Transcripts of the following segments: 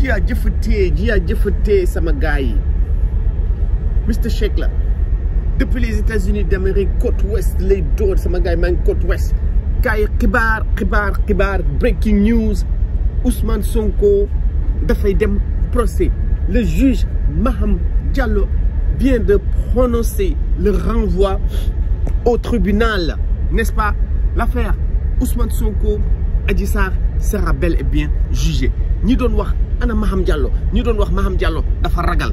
J'ai a j'ai ji sama Sheikh, depuis les États-Unis d'Amérique côte ouest les door sama gars man côte ouest kay Kibar, xibaar breaking news Ousmane Sonko Fay dem procès le juge Maham Diallo vient de prononcer le renvoi au tribunal n'est-ce pas l'affaire Ousmane Sonko Adjissar sera bel et bien jugée ñi doon wax ana Maham Diallo ñi doon wax Maham Diallo dafa ragal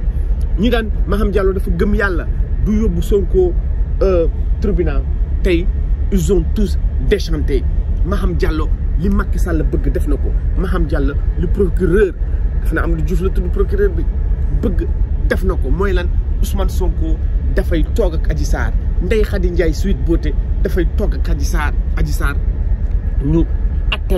ñi daan Maham jàllo dafa gëm yàlla du yóbbu Sonko euh, tribunal tey ils ont tous déchanté Maham Diallo li Macky Sall bëgg def na ko Maham jàllo li procureur daf na am lu juuf la tudd procureur bi bëgg def na ko mooy lan Ousmane Sonko dafay toog ak Adji Sarr Ndeye Khady Ndiaye Sweet boote dafay toog ak Adji Sarr Adji Sarr ñu atte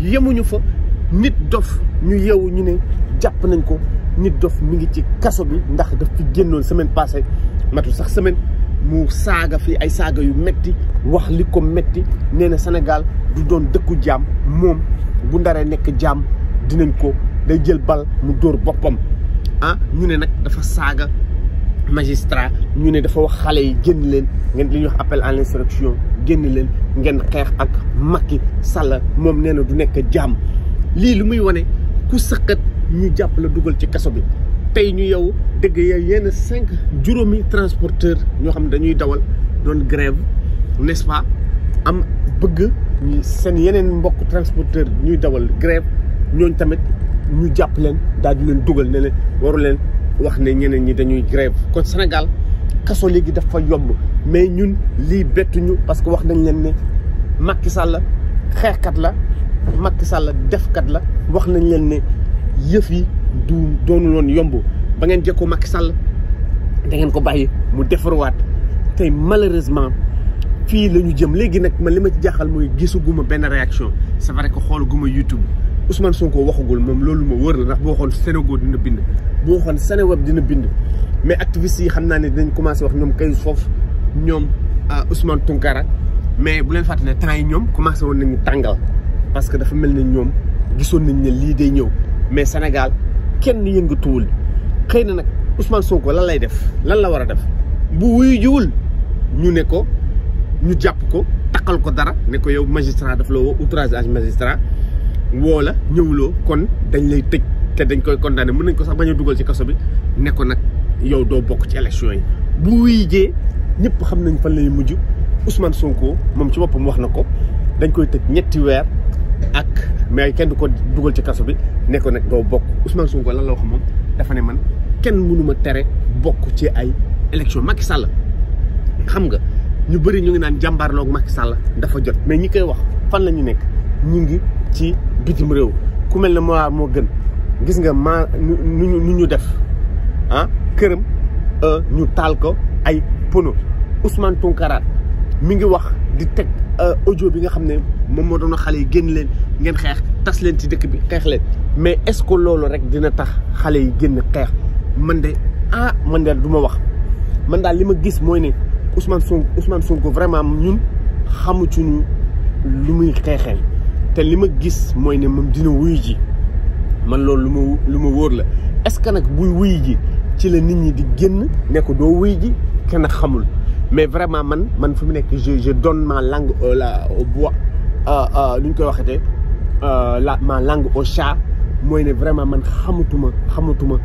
yemuñu fa nit dof ñu yeewu ñu ne jàpp nañ ko nit dof mu ngi ci kaso bi ndax daf fi génnoon semaine passée matu sax semaine mu saaga fii ay saaga yu metti wax li ko metti nee na Sénégal du doon dëkku jaam moom bu ndaree nekk jaam dinañ ko day jël bal mu dóor boppam ah ñu ne nag dafa saaga magistrat ñu ne dafa wax xale yi jënd leen ngeen li ñuy wax appel à l'insurrection génn leen ngeen xeex ak Macky Sall moom nee na du nekk jàmm lii lu muy wane ku sëqat ñu jàpp la dugal ci kaso bi tey ñu yow dëgg ya yenn cinq juróomi transporteur ñoo xam dañuy dawal doon grève n'est-ce pas am bëgg ñu seen yeneen mbokk transporteur ñuy dawal grève ñooñ tamit ñu jàpp leen daal di leen dugal ne leen waru leen wax ne ñeneen ñi dañuy grève kon Sénégal kaso léegi dafa yomb mais ñun lii bettuñu parce que wax nañ leen ne Macky Sall xeexkat la makki sàll defkat la wax nañ leen ne yëf yi du doonuloon yomb ba ngeen jekkoo makki sàll dangeen ko bàyyi mu defarwaat tey malheureusement fii la ñu jëm léegi nag man li ma ci jaaxal mooy gisuguma benn réaction c'est vrai que xoolaguma YouTube soo Sonko waxagul moom loolu ma wër la ndax boo xool Sénégal dina bind boo waxoon Sénéweb dina bind mais activistes yi xam naa ne dinañ commencé wax ñoom kay foofu ñoom euh, Ousmane Tounkara mais bu leen fàttali ne temps yi ñoom commencé woon nañu tàngal parce que dafa mel ne ñoom gisoon nañ ne lii day ñëw mais Sénégal kenn yëngatuwul xëy na nag Ousmane ko lan lay def lan la war a def bu wuyu jiwul ñu ne ko ñu jàpp ko takkal ko dara ne ko yow magistrat daf la woo outrage à magistrat woo la ñëwuloo kon dañ lay tëj te dañ koy condamné mën nañ ko sax bañ a dugal ci kaso bi ne nag. yow doo bokk ci élection yi bu wuy jee ñëpp xam nañ fan lay mujj Ousmane Sonko moom ci boppam wax na ko dañ koy tëj ñetti weer ak mais kenn du ko dugal ci kaso bi ne ko nag doo bokk Ousmane Sonko lan la wax moom dafa ne man kenn mënuma tere bokk ci ay élection Macky Sall xam nga ñu bëri ñu ngi naan jàmbaarloog Macky Sall dafa jot mais ñi koy wax fan la ñu nekk ñu ngi ci bitim réew ku mel ne moo moo gën gis nga maa nu ñu nu ñu def ah? këram euh, ñu taal ko ay pono Ousmane Tounkara mi ngi wax di teg euh, audio bi nga xam ne moom moo doon xale yi génn leen ngeen xeex tas leen ci dëkk bi xeex leen mais est-ce que loolu rek dina tax xale yi génn xeex man de ah man de du ma wax man daal li ma gis mooy ne Ousmane Sonko Ousmane Sonko vraiment ñun xamu ci ñu lu muy xeexee te li ma gis mooy ne moom dina wuy ji man loolu lu ma lu ma wóor la est-ce que nag buy wuy ji ci la nit ñi di génn ne ko doo wuy ji kenn xamul mais vraiment man man fu mu nekk je je donne ma langue au la au bois lu euh, euh, ñu koy waxatee euh, la ma langue au chat mooy ne vraiment man xamatuma xamatuma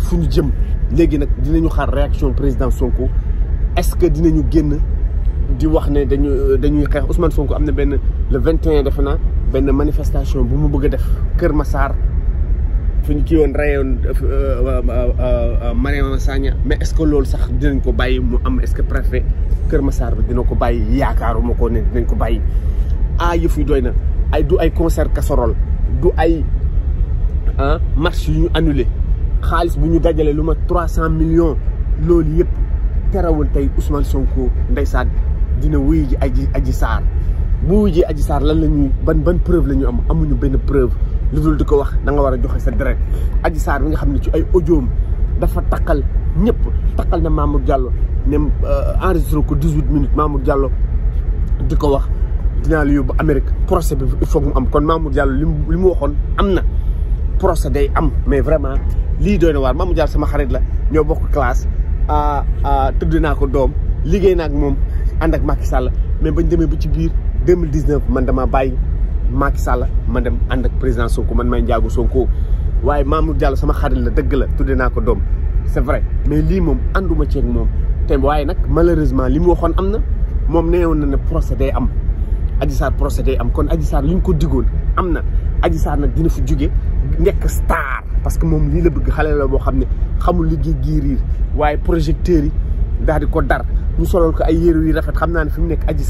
fu ñu jëm léegi nag dinañu xaar réaction président Sonko est-ce que dinañu génn di wax ne dañu dañuy xeex Ousmane Sonko am na benn le 21 defe naa benn manifestation bu mu bëgg a def Kër Massar. fu ñu kii woon rayoon euh, euh, euh, Mariama Sagna mais est ce que loolu sax dinañ ko bàyyi mu am est ce que préfet Kër bi dina ko bàyyi yaakaaruma ko ne dinañ ko bàyyi ah yëf yi doy nag ay du ay concert casserole du ay ah marche yu ñu annulé xaalis bu ñu dajalee lu ma trois cent millions loolu yëpp terewul tey Ousmane Sonko ndeysaan dina wuyu ji aji aji saar bu wuyu ji aji saar lan la ñuy ban ban preuve la ñu am amuñu benn preuve lu dul di ko wax da nga war a joxe sa deret Adji Sarr bi nga xam ne ci ay audioom dafa takkal ñëpp takkal na Mamour Diallo ne euh, enregistré ko 18 minutes Mamour Diallo di ko wax dinaa la yóbbu Amérique procès bi il mu am kon Mamour Diallo li mu li mu waxoon am na procès day am mais vraiment lii doy na waar Mamour Diallo sama xarit la ñoo bokk classe ah, ah, tëdd naa ko doom liggéey naa ak moom ànd ak Macky Sall mais bañ demee ba ci biir 2019 man dama bàyyi. Macky Sall ma dem ànd ak président Sonko man may njaagu Sonko waaye Mamour Diallo sama xarit la dëgg la tudde naa ko doom c'est vrai mais lii moom ànduma ceeg moom te waaye nag malheureusement li mu waxoon am na moom ne woon na ne procès day am Adji Sarr procès am kon Adji Sarr li ñu ko digoon am na Adji Sarr nag dina fi jóge nekk star parce que moom lii la bëgg xale la boo xam ne xamul liggéey gii riir waaye projecteurs yi daal di ko dar ñu soloon ko ay yéru yi rafet xam naa ne fi mu nekk Adji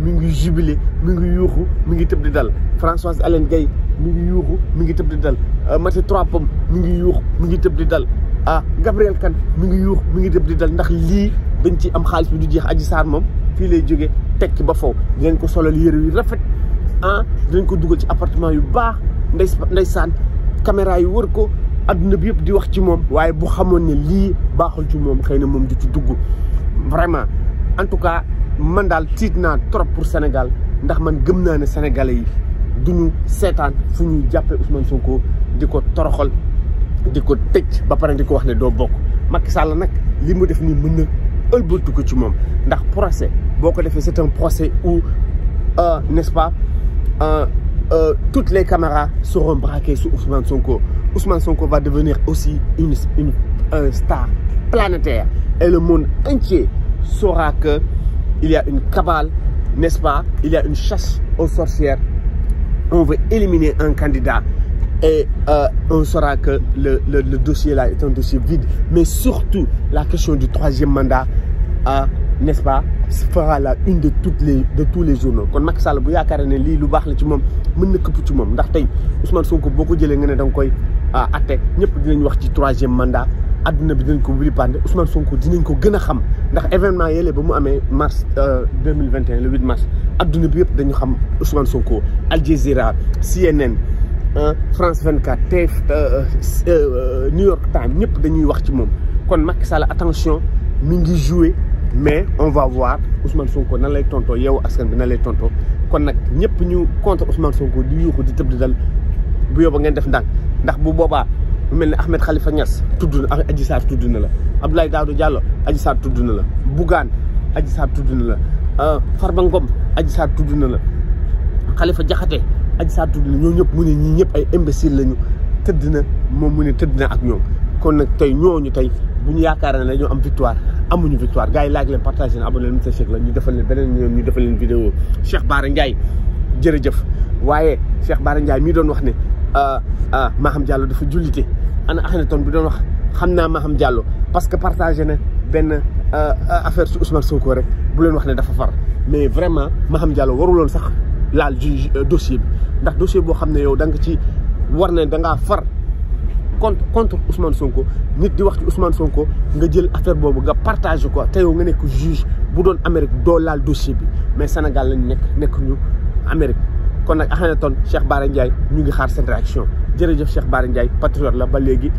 mi ngi jubilé mi ngi yuuxu mi ngi tëb di dal Françoise Hélène Gaye mi ngi yuuxu mi ngi tëb di dal euh, Maty Trois mi ngi yuuxu mi ngi tëb di dal ah Gabriel kan mi ngi yuux mi ngi tëb di dal ndax lii dañ ci am xaalis bi du jeex Adji Sarr moom fii lay jóge tekki ba faw dinañ ko solal yére yu rafet ah dañ ko dugal ci appartement yu baax ndey ndeysaan caméra yi war ko adduna bi yëpp di wax ci moom waaye bu xamoon ne lii baaxul ci moom xëy na moom di ci dugg vraiment en tout cas man dal trop pour Sénégal ndax man sénégalais yi duñu Ousmane Sonko di toroxal di ba di wax né do bokk Macky Sall nak li def ko procès c'est un procès où euh, n'est-ce pas euh, euh, toutes les caméras seront braquées sur Ousmane Sonko Ousmane Sonko va devenir aussi une star planétaire et le monde entier saura que il y a une cabale, n'est-ce pas Il y a une chasse aux sorcières. On veut éliminer un candidat et euh, on saura que le, le, dossier là est un dossier vide. Mais surtout, la question du troisième mandat, euh, n'est-ce pas, fera la une de, toutes les, de tous les journaux. Quand Macky Sall, si yaakaar li lu baax la ci mom mën na këpp ci mom ndax tay Ousmane Sonko boko ko nga né dang koy euh, ñëpp dinañ wax ci mandat aduna bi dinañ ko wili Ousmane Sonko dinañ ko gën a xam ndax événement yële ba mu amee mars 2021 euh, le 8 mars aduna bi yëpp dañu xam Ousmane Sonko Al Jazeera CNN hein, France 24 TF euh, euh, New York Times ñëpp dañuy wax ci moom. kon Macky Sall attention mi ngi jouer mais on va voir Ousmane Sonko nan lay tonto yow askan bi nan lay tonto kon nak ñëpp ñu contre Ousmane Sonko di yuuxu di tëb di dal bu yóbbu ngeen def ndànk ndax bu boobaa. lu mel ne Ahmed xalifa ñas tudd na Adji Sarr tudd na la Abdoulaye Daouda Diallo Adji Sarr tudd na la Bougane Adji Sarr tudd na la euh, Farba Ngom Adji Sarr tudd na la Khalifa Diakhaté Adji Sarr tudd ñoo ñëpp mu ne ñii ñëpp ay imbécile lañu tëdd na moom mu ne tëdd na ak ñoom kon nag tey ñooñu tey bu ñu yaakaar ne dañoo am victoire amuñu victoire gars yi laaj leen partagé leen abonné leen Mister Shake la ñu defal leen beneen ñoom ñu defal leen vidéo Cheikh Bara Ndiaye jërëjëf waaye Cheikh Bara Ndiaye mii doon wax ne euh, euh, Maham Diallo dafa jullite ana Akhenaton bu doon wax xam naa ma Maham Diallo parce que partagé ne benn euh, euh, affaire su Ousmane Sonko rek bu leen wax ne dafa far mais vraiment Maham Diallo waruloon sax laal ju euh, dossier bi ndax dossier boo xam ne yow da nga ci war ne da ngaa far contre contre Ousmane Sonko nit di wax ci Ousmane Sonko nga jël affaire boobu nga partage ko te yow nga nekk juge bu doon Amérique doo laal dossier bi mais Sénégal lañu nekk nekk ñu Amérique. kon nag Akhenaton Cheikh Bara Ndiaye ñu ngi xaar seen réaction jërëjëf Cheikh Bara Ndiaye patriote la ba léegi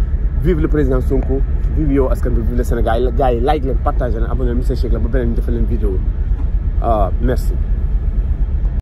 vive le président Sonko vive yow askan bi vive le Sénégal gars yi like leen partage leen a Mister Shake la ba beneen defal leen vidéo ah, merci